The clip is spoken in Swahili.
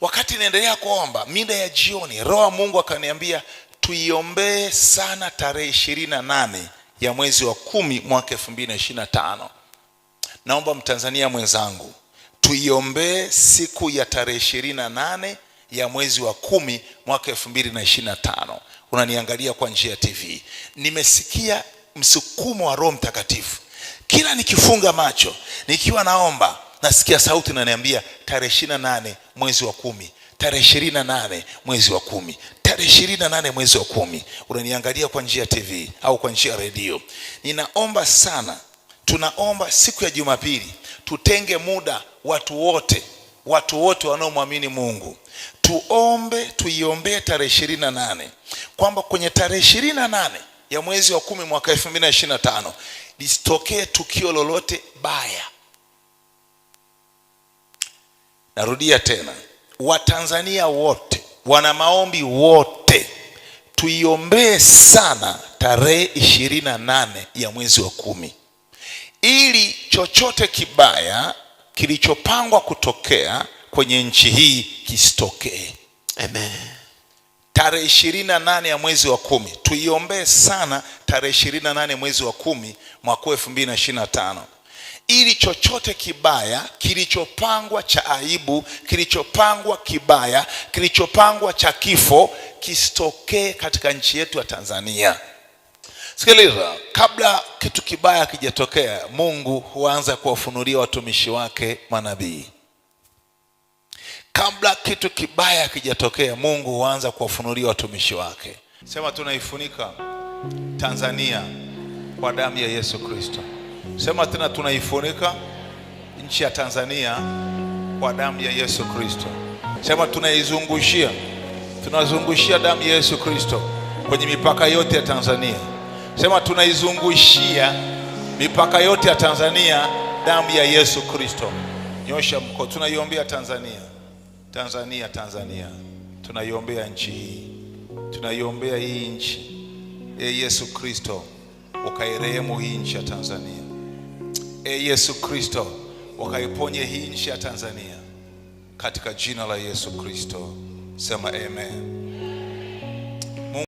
Wakati inaendelea kuomba mida ya jioni, roho wa Mungu akaniambia tuiombee sana tarehe ishirini na nane ya mwezi wa kumi mwaka elfu mbili na ishirini tano. Naomba mtanzania mwenzangu tuiombee siku ya tarehe ishirini na nane ya mwezi wa kumi mwaka elfu mbili na ishirini tano. Unaniangalia kwa njia ya TV, nimesikia msukumo wa Roho Mtakatifu. Kila nikifunga macho nikiwa naomba nasikia sauti naniambia tarehe ishirini na nane mwezi wa kumi tarehe ishirini na nane mwezi wa kumi tarehe ishirini na nane mwezi wa kumi unaniangalia kwa njia ya TV au kwa njia ya redio ninaomba sana tunaomba siku ya Jumapili tutenge muda watu wote watu wote wanaomwamini Mungu tuombe tuiombee tarehe ishirini na nane kwamba kwenye tarehe ishirini na nane ya mwezi wa kumi mwaka elfu mbili na ishirini na tano lisitokee tukio lolote baya Narudia tena, Watanzania wote, wana maombi wote, tuiombee sana tarehe ishirini na nane ya mwezi wa kumi ili chochote kibaya kilichopangwa kutokea kwenye nchi hii kisitokee. Amen. Tarehe ishirini na nane ya mwezi wa kumi tuiombee sana tarehe ishirini na nane mwezi wa kumi mwaka elfu mbili na ishirini na tano ili chochote kibaya kilichopangwa cha aibu, kilichopangwa kibaya, kilichopangwa cha kifo kisitokee katika nchi yetu ya Tanzania. Sikiliza, kabla kitu kibaya kijatokea Mungu huanza kuwafunulia watumishi wake manabii. Kabla kitu kibaya kijatokea Mungu huanza kuwafunulia watumishi wake. Sema, tunaifunika Tanzania kwa damu ya Yesu Kristo. Sema tena, tunaifunika nchi ya Tanzania kwa damu ya Yesu Kristo. Sema tunaizungushia, tunazungushia damu ya Yesu Kristo kwenye mipaka yote ya Tanzania. Sema tunaizungushia mipaka yote ya Tanzania damu ya Yesu Kristo. Nyosha mkono, tunaiombea Tanzania, Tanzania, Tanzania, tunaiombea nchi hii, tunaiombea hii nchi. E Yesu Kristo, ukairehemu hii nchi ya Tanzania e Yesu Kristo, wakaiponye hii nchi ya Tanzania katika jina la Yesu Kristo, sema amen.